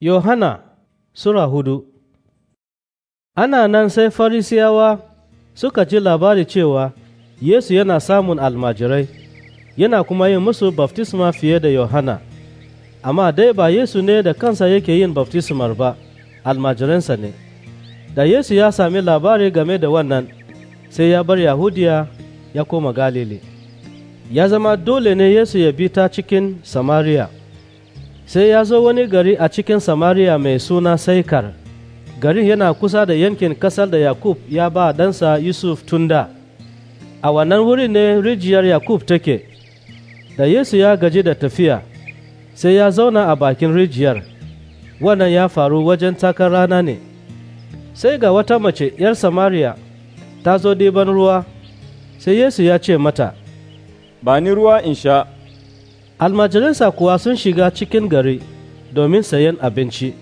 Yohana Sura hudu Ana nan sai Farisiyawa suka ji labari cewa Yesu yana samun almajirai, yana kuma yin musu baftisma fiye da Yohana, amma dai ba Yesu ne da kansa yake yin baftismar ba, almajiransa ne. Da Yesu ya sami labari game da wannan, sai ya bar Yahudiya ya koma Galili. Ya zama dole ne Yesu ya bi ta cikin Samariya. sai ya zo wani gari a cikin samariya mai suna saikar garin yana kusa da yankin kasar da yakub ya ba ɗansa yusuf tunda a wannan wuri ne rijiyar yakub take da yesu ya gaji da tafiya sai ya zauna a bakin rijiyar wannan ya faru wajen takar rana ne sai ga wata mace 'yar samariya ta zo diban ruwa sai yesu ya ce mata ba ni ruwa in sha almajiransa kuwa sun shiga cikin gari domin sayan abinci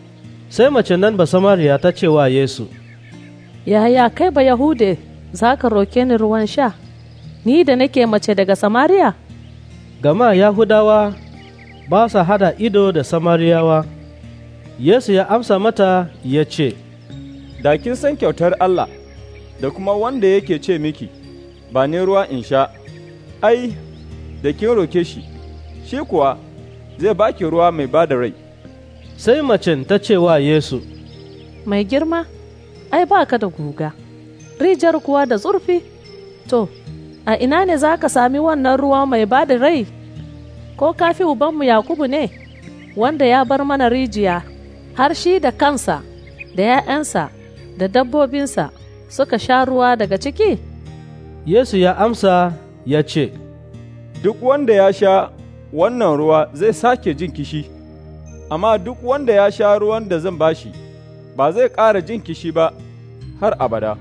sai mace nan ba samariya ta ce wa yesu yaya kai ba yahude za ka roke ni ruwan sha ni da nake mace daga samariya gama yahudawa ba sa hada ido da samariyawa yesu ya amsa mata ya ce da kin san kyautar allah da kuma wanda yake ce miki ba ne ruwa in sha ai da kin roke shi shi kuwa zai baki ruwa mai ba da rai. Sai macen ta ce wa Yesu, Mai girma, ai ba ka da guga, rijiyar kuwa da zurfi, to, a ina ne za ka sami wannan ruwa mai ba da rai? Ko kafi ubanmu Yakubu ne, wanda ya bar mana rijiya, har shi da kansa, da ‘ya'yansa, da dabbobinsa suka sha ruwa daga ciki? Yesu ya amsa ya ce, Duk wanda ya sha wannan ruwa zai sake jin kishi, amma duk wanda ya sha ruwan da zan bashi, ba zai ƙara jin kishi ba har abada.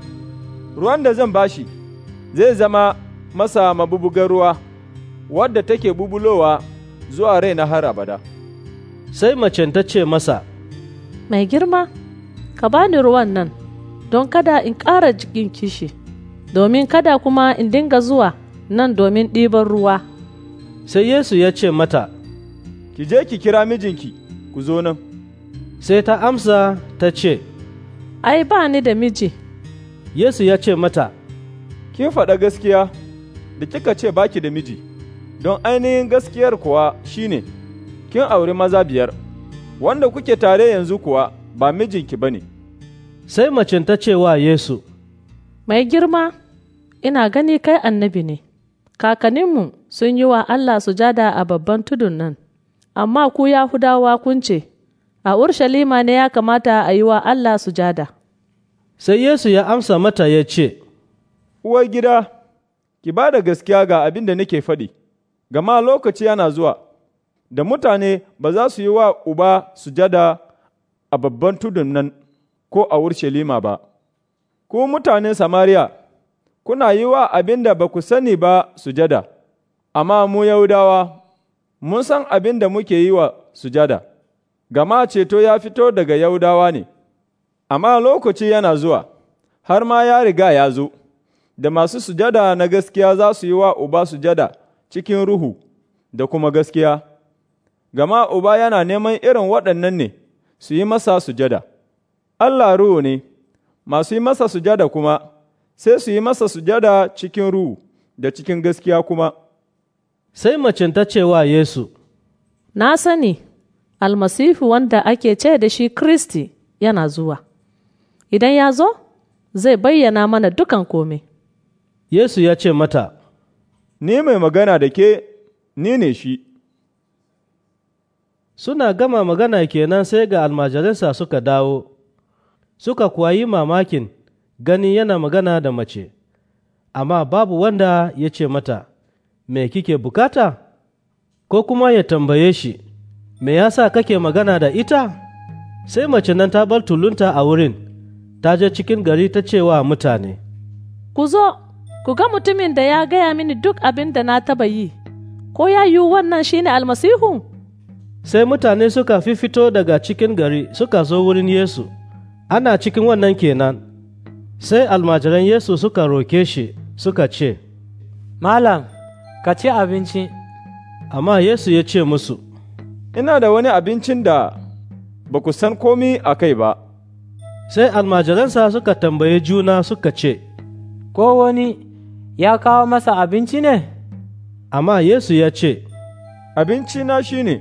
Ruwan da zan bashi zai zama masa mabubugar ruwa, wadda take bubulowa zuwa raina har abada. Sai macen ta ce masa, Mai girma, ka bani ruwan nan, don kada in ƙara jikin kishi, domin kada kuma in dinga zuwa nan domin ɗiban ruwa. sai Yesu ya ce mata, Ki je ki kira mijinki, ku zo nan. Sai ta amsa ta ce, Ai, ba ni da miji. Yesu ya ce mata, Kin faɗa gaskiya da kika ce baki da miji, don ainihin gaskiyar kuwa shine kin auri maza biyar, wanda kuke tare yanzu kuwa ba mijinki ba ne. Sai macin ta ce wa Yesu, Mai girma, ina gani kai annabi ne. kakanninmu sun yi wa Allah sujada a babban tudun nan, amma ku Yahudawa kun ce, A Urshalima ne ya kamata a yi wa Allah sujada. Sai Yesu ya amsa mata ya ce, Uwar gida, ki ba da gaskiya ga abin da nake faɗi, gama lokaci yana zuwa, da mutane ba za su yi wa Uba sujada a babban tudun nan ko a Urshalima ba. Ku mutanen Samariya, kuna yi wa abin da ba ku sani ba sujada, amma mu Yahudawa mun san abin da muke yi wa sujada, gama ceto ya fito daga Yahudawa ne, amma lokaci yana zuwa, har ma ya riga ya zo, da masu sujada na gaskiya za su yi wa Uba sujada cikin ruhu da kuma gaskiya, gama Uba yana neman irin waɗannan ne su yi masa sujada. Allah ruhu ne, masu yi masa sujada kuma. sai su yi masa sujada cikin ruhu da cikin gaskiya kuma. Sai macen ta ce wa Yesu, Na sani, almasifu wanda ake ce da shi Kristi yana zuwa, idan ya zo, zai bayyana mana dukan kome. Yesu ya ce mata, Ni mai magana da ke, ni ne shi. Suna gama magana kenan sai ga almajiransa suka dawo, suka kuwa yi mamakin. gani yana magana da mace, amma babu wanda ya ce mata, Me kike bukata? Ko kuma ya tambaye shi, Me ya sa kake magana da ita? Sai mace nan ta bar tulunta a wurin, ta je cikin gari ta ce wa mutane, Ku zo, ku ga mutumin da ya gaya mini duk abin da na taba yi, ko ya yi wannan shine almasihu? Sai mutane suka fi fito daga cikin gari suka zo wurin Yesu, ana cikin wannan kenan. sai almajiran Yesu suka roke shi suka ce, Malam, ka ci abinci. Amma Yesu ya ce musu, Ina da wani abincin da ba ku san komi a kai ba. Sai almajiransa suka tambaye juna suka ce, Ko wani ya kawo masa abinci ne? Amma Yesu ya ce, na shi ne,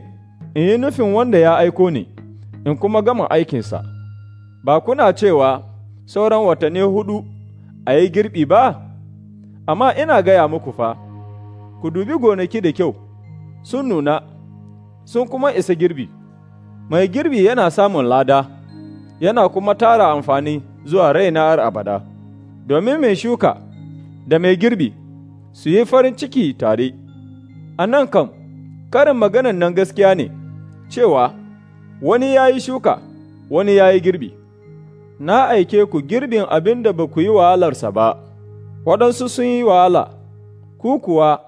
in yi nufin wanda ya aiko ni, in kuma gama aikinsa, ba kuna cewa sauran watanni hudu a yi girbi ba, amma ina gaya muku fa, ku dubi gonaki da kyau, sun nuna, sun kuma isa girbi, mai girbi yana samun lada, yana kuma tara amfani zuwa raina har abada, domin mai shuka da mai girbi su yi farin ciki tare. A nan kam, karin maganan nan gaskiya ne, cewa wani ya yi shuka, wani ya yi girbi. na aike ku girbin abin da ba ku yi wahalarsa ba, waɗansu sun yi wahala, ku kuwa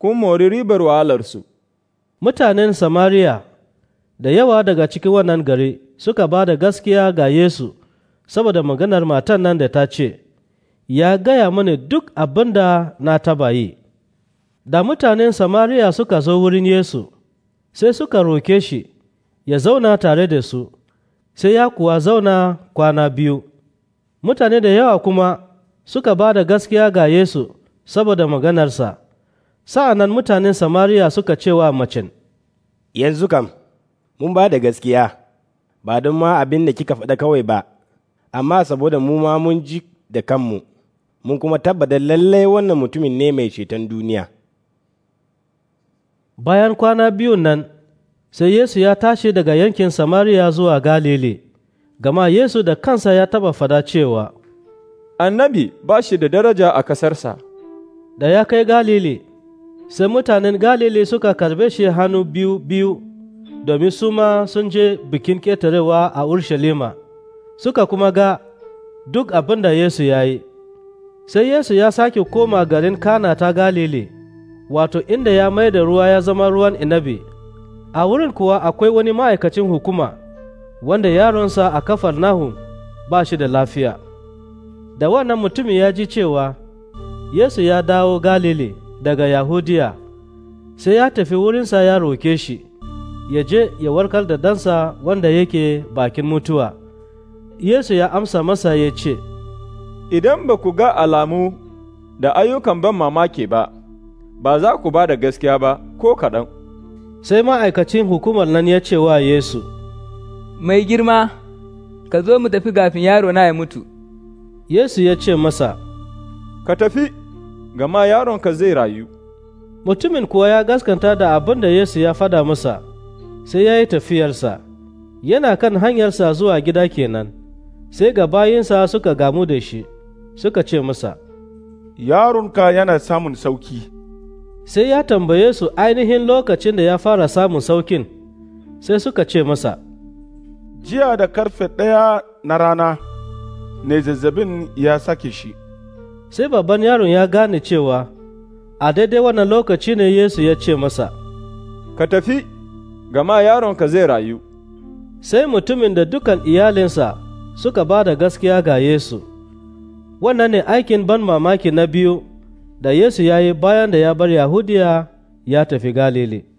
kun mori ribar wahalarsu. Mutanen Samariya da yawa daga cikin wannan gari suka ba da gaskiya ga Yesu saboda maganar matan nan da ta ce, Ya gaya mani duk abin da na taba yi. Da mutanen Samariya suka zo wurin Yesu, sai suka roke shi ya zauna tare da su. sai ya kuwa zauna kwana biyu mutane da yawa kuma suka ba da gaskiya ga Yesu saboda maganarsa sa'an nan mutanen Samariya suka cewa macin. yanzu kam mun ba da gaskiya ba don ma abin da kika faɗa kawai ba amma saboda mu ma mun ji da kanmu mun kuma tabbata lallai wannan mutumin ne mai ceton duniya bayan kwana biyun nan sai Yesu ya tashi daga yankin Samariya zuwa Galili, gama Yesu da kansa ya taba fada cewa, Annabi ba shi da daraja a ƙasarsa. Da ya kai Galili, sai mutanen Galili suka karbe shi hannu biyu biyu, domin su ma sun je bikin ƙetarewa a Urshalima, suka kuma ga duk abin da Yesu ya yi. Sai Yesu ya sake koma garin Kana ta Galili, wato inda ya mai da ruwa ya zama ruwan inabi. a wurin kuwa akwai wani ma'aikacin hukuma wanda yaronsa a kafar nahu ba shi da lafiya da wannan mutumin ya ji cewa yesu ya dawo galile daga yahudiya sai ya tafi wurinsa ya roke shi ya je ya warkar da dansa wanda yake bakin mutuwa yesu ya amsa masa ya ce idan ba ku ga alamu da ayyukan ban mamaki ba ba za ku ba da gaskiya ba ko kaɗan sai ma'aikacin hukumar nan ya ce wa Yesu, Mai girma, ka zo mu tafi gafin yaro na ya mutu. Yesu ya ce masa, Ka tafi, gama yaronka zai rayu. Mutumin kuwa ya gaskanta da abin da Yesu ya fada masa, sai ya yi tafiyarsa, yana kan hanyarsa zuwa gida kenan, sai ga bayinsa suka gamu da shi, suka ce masa, Yaronka yana samun sauki. sai ya tambaye su ainihin lokacin da ya fara samun saukin sai suka ce masa jiya da karfe ɗaya na rana ne zazzabin ya sake shi sai babban yaron ya gane cewa a daidai wannan lokaci ne yesu ya ce masa ka tafi gama yaronka zai rayu sai mutumin da dukan iyalinsa suka ba da gaskiya ga yesu wannan ne aikin ban mamaki na biyu da Yesu ya yi bayan da ya bar Yahudiya ya tafi Galili.